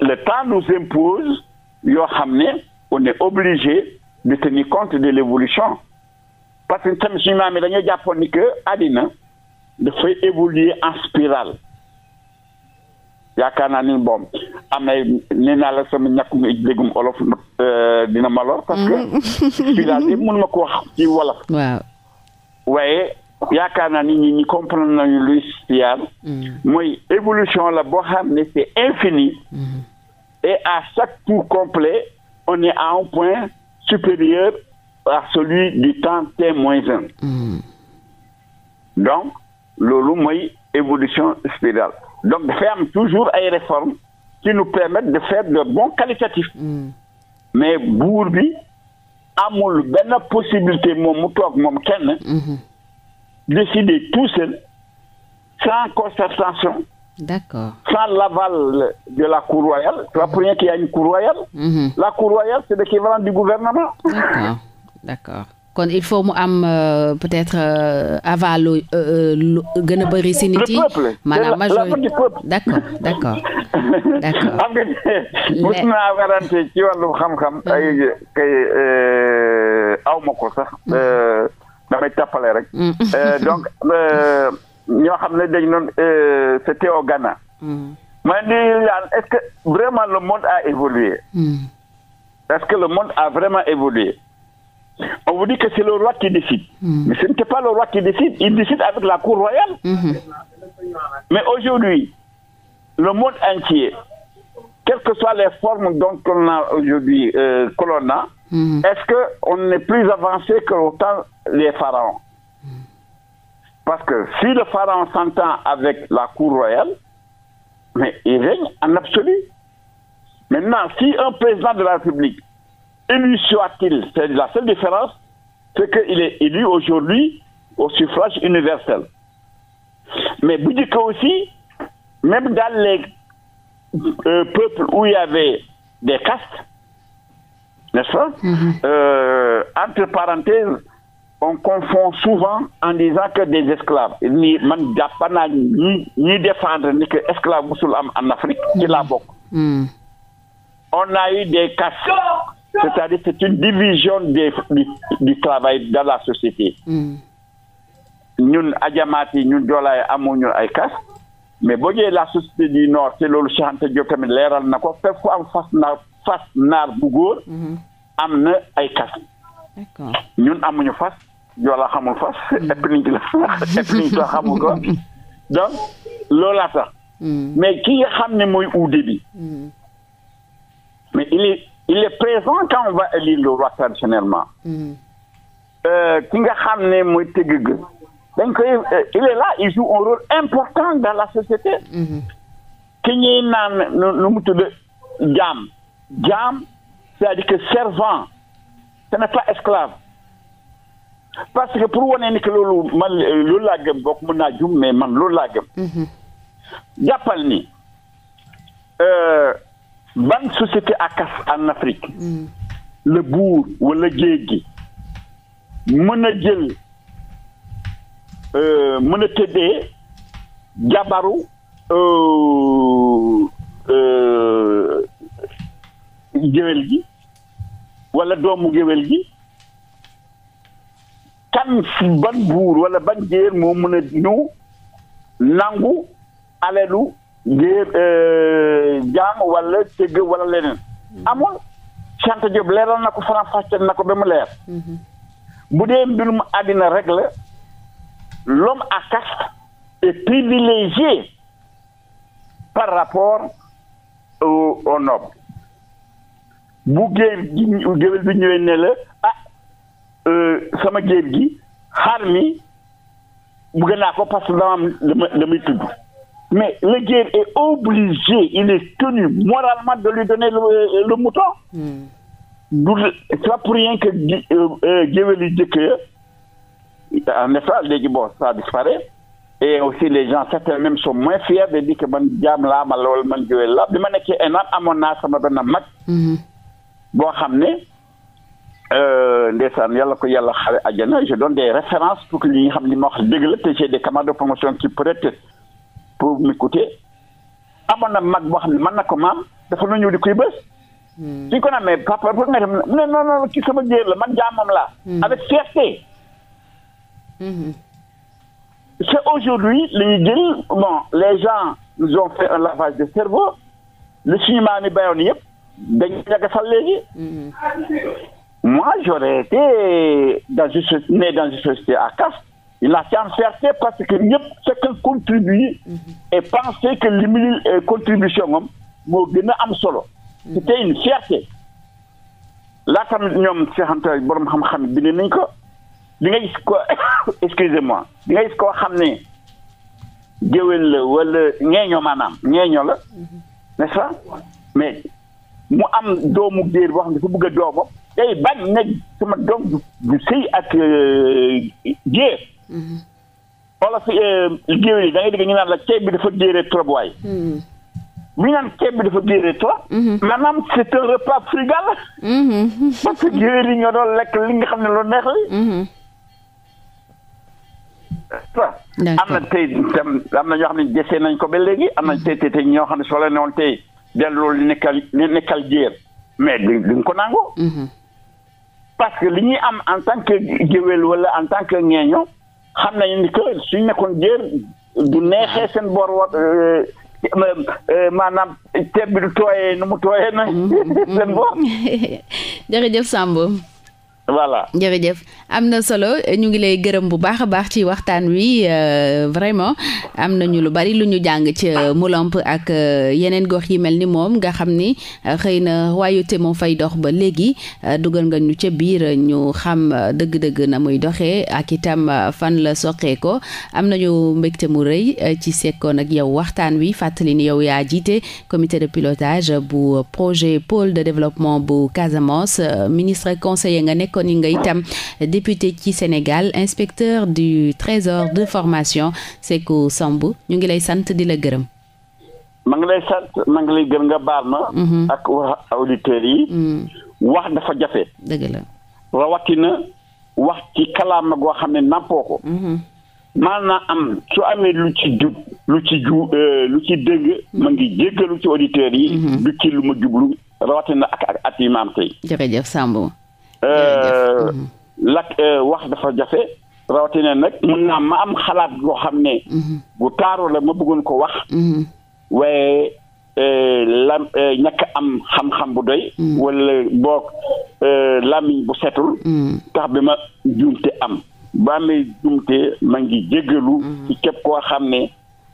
le temps nous impose yoo xam ne on est obligé de tenir compte de l'évolution parce que tamit suñu maam yi dañoo jàppoon ni que àddina dafay évoluer en spirale yaakaar naa ni boom am na nee naa la sama ñàkkum déggum olof euh, dina ma lor parce que mm. spirale yi mën ma ko wax ci wolof waaw waaye yaakaar naa ni ñi ñi comprendre nañu luy spirale mm. mooy évolution la boo xam ne c'est infini mm-hmm. et à chaque tour complet on est à un point supérieur à celui du temps T moins mm. loolu mooy évolution spirale donc dafay am toujours ay réformes qui nous permettent de faire de bons qualitatifs mm. mais buur bi amul benn possibilité moom mu toog moom kenn mm-hmm. décider tout seul sans concertation D'accord. Sans l'aval de la Cour royale, c'est la première qu'il a une Cour royale. Mm -hmm. La Cour royale, c'est l'équivalent du gouvernement. D'accord. kon il faut mu am euh, peut-être euh, aval euh, lu a bëri si nit yi. maanaam majorité d'accord d'accord d'accord. xam nga na naa ci wàllu xam-xam. Hmm. ay kay aw ko sax. Hmm. damay tàppale rek. Hmm. donc ñoo xam ne dañ doon c'était au Ghana. ma ni daal est-ce que vraiment le monde a évolué. est-ce que le monde a vraiment évolué. on vous dit que c'est le roi qui décide. Hmm. Mais ce n'était pas le roi qui décide, il décide avec la cour royale. Hmm. Mais aujourd'hui, le monde entier, quelles que soient les formes dont on a aujourd'hui, euh, que l'on a, mmh. est-ce qu'on n'est plus avancé que les pharaons Parce que si le pharaon s'entend avec la cour royale, mais il règne en absolu. Maintenant, si un président de la République élu soit-il, c'est la seule différence, c'est qu'il est élu aujourd'hui au suffrage universel. Mais Boudika aussi, même dans les euh, peuples où il y avait des castes, nest pas mhm. euh, Entre parenthèses, on confond souvent en disant que des esclaves. Ni man japana ni ni ni que esclaves en Afrique, c'est la boque. On a eu des castes C'est-à-dire c'est une division des, du, du, travail dans la société. Hmm. ñun ajamaat yi ñun joolaay amuñu ay kas mais boo jëlee la société du nord te loolu Cheikh Anta Diop leeral na ko fépp fu am fas naar fas naar bu góor hmm. am na ay kas ñun amuñu fas joolaa xamul fas épp hmm. niñ la épp niñ la xamul ko donc loolaa tax mais ki xam ne mooy uude bi mais il il est présent quand on va élire le roi traditionnellement. Hmm. Euh, ki nga xam ne mooy tëgg dañ koy euh, il est là il joue un rôle important dans la société. Hmm. ki ñuy naan nu mu tudd jaam. jaam c'est-à-dire que servant ce n'est pas esclave parce que pour wane ni que loolu man loolu laa gëm bokk mën naa jum man loolu laa gëm. Hmm. ni. Euh, ban société ACAS en Afrique la buur wala géej gi mën a jël euh, mën a tëddee jabaru euh, euh, géwél gi wala doomu géwél gi kan fi ban buur wala ban géer moo mën a ñëw nangu alelu ngir euh, jaam wala tëgg wala leneen. Mhm. amul Cheikh Diop leeral na ko faram-fàcceel na ko ba mu leer. Mhm. bu dee mbirum àddina rek la l'homme à caste est privilégié par rapport au au noble bu géej géwél bi ñëwee ne la ah euh, sama géej gi xar mi bëgg naa ko parce que dama tudd. mais le guerre est obligé, il est tenu moralement de lui donner le, euh, le mouton. Mm. C'est pas pour rien que euh, euh, Guéveli dit que, en effet, les bon, ça disparaît. Et aussi, les gens, certains même, sont moins fiers de dire que man jam la, ma lol, man Guéveli la. De manière que, un an, à mon âge, ça m'a donné un mag. Hmm. Bon, ramené. ndeysaan yàlla xare àjjana je donne des références pour que li nga xam li ma wax dëgg la te j'ai de promotion qui peut vous m'écoutez amoon na mag boo xam ne mën na ko maam dafa nu ñëw di koy bës. Hmm. suñ ko namee papa pour nga dem mu ne non non kii sama jéer la man jaamam laa. Hmm. se fierté. Hmm. c'est aujourd'hui la ñuy jël bon les gens nous ont fait un lavage de cerveau le suñu maam yi bayoon yëpp dañu ñagasal léegi. moi j'aurais été dans une société né dans une société à caste Il a en fierté parce que ñëpp fekk contribuer et penser que li mu euh, contribution am moo gën a am solo. te une fierté. laa tamit ñoom Cheikh Anta borom xam-xam bi ne nañ ko li nga gis ko excusez-moi di nga gis koo xam ne géwél la wala ñeeño maanaam ñeeño la n'est-ce pas mu am doomu géer boo xam ne dafa bëgg a doomam day bañ nag sama doom du sëy ak euh, géer Mm-hmm. wala fi eh, géew yi da dégg ñu naan la ceeb bi dafa géeree trop waay. Mm-hmm. ñu naan ceeb bi dafa géeree trop. Mm-hmm. maanaam c'est géwél yi nga doon lekk li nga xam ne lu neex li am na tey tam am na ñoo xam ne desee nañ ko ba léegi am na tey tey tey ñoo xam ne soo leen ne woon tey delloo li nekkal li nekkal géer mais duñ duñ ko nangu. parce que li ñuy am en tant que géwél wala en tant que ñeeño xam nañu ni que suñ nekkoon jéer du neexee seen bor wa euh, euh, maanaam ceeb bi du tooyee nu mu tooyee na mm-hmm. seen boor jërëjëf Samb voilà jërëjëf am na solo ñu ngi lay gërëm bu baax a baax ci waxtaan wi euh, vraiment am nañu lu bari lu ñu jàng ci euh, Moulamp ak euh, yeneen gox yi mel ni moom nga xam ni xëy na waayute moo fay dox ba léegi dugal nga ñu ca biir ñu xam dëgg-dëgg na muy doxee ak itam fan la soqee ko am nañu mbégte mu rëy ci sekkoon ak yow waxtaan wi fàttali ni yow yaa jiite comité de pilotage bu projet pôle de développement bu Casamance ministre conseiller nga nekk Koninga itam député ci Sénégal inspecteur du trésor de formation Sékou samb ñu ngi lay sant di la gërëm ma ngi lay sant ma ngi lay gën nga baal ma mhm. ak wax auditeurs yi mhm. wax dafa jafe dëgg la rawatina wax ci kalaama goo xam ne nampoo ko mhm. maanaam am su amee lu ci jub lu ci ju euh, lu ci dëng ma ngi jéggalu ci auditeurs yi du ci lu ma jublu rawatina ak ak at yi maam tey jërëjëf Euh, mhm. lakk euh, wax dafa jafe rawatina nag mun naa ma am xalaat loo xam ne mhm. bu taaru la ma bëggoon ko wax mhm. waaye euh, la am xam-xam bu doy wala boog làmmiñ bu setul tax bi ma juumte am ba ma ngi jéggalu ci képp koo xam ne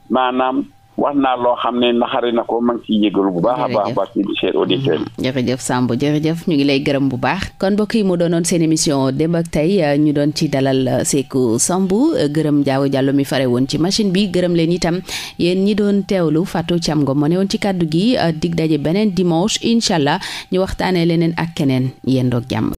maanaam wax naa loo xam ne naxari na ko man ngi ciy yëgalu bu baax a baax baax ci cher auditeur yi mm-hmm. jërëjëf Samb jërëjëf ñu ngi lay gërëm bu baax kon mbokk yi mu doonoon seen émission démb tey euh, ñu doon ci dalal euh, Sekou Samb euh, gërëm Diaw Diallo mi fare woon ci machine bi gërëm leen itam yéen ñi doon teewlu Fatou Thiam Ngom moo ne woon ci kàddu gi dig daje beneen dimanche incha allah ñu waxtaanee leneen ak keneen yéen doog jàmm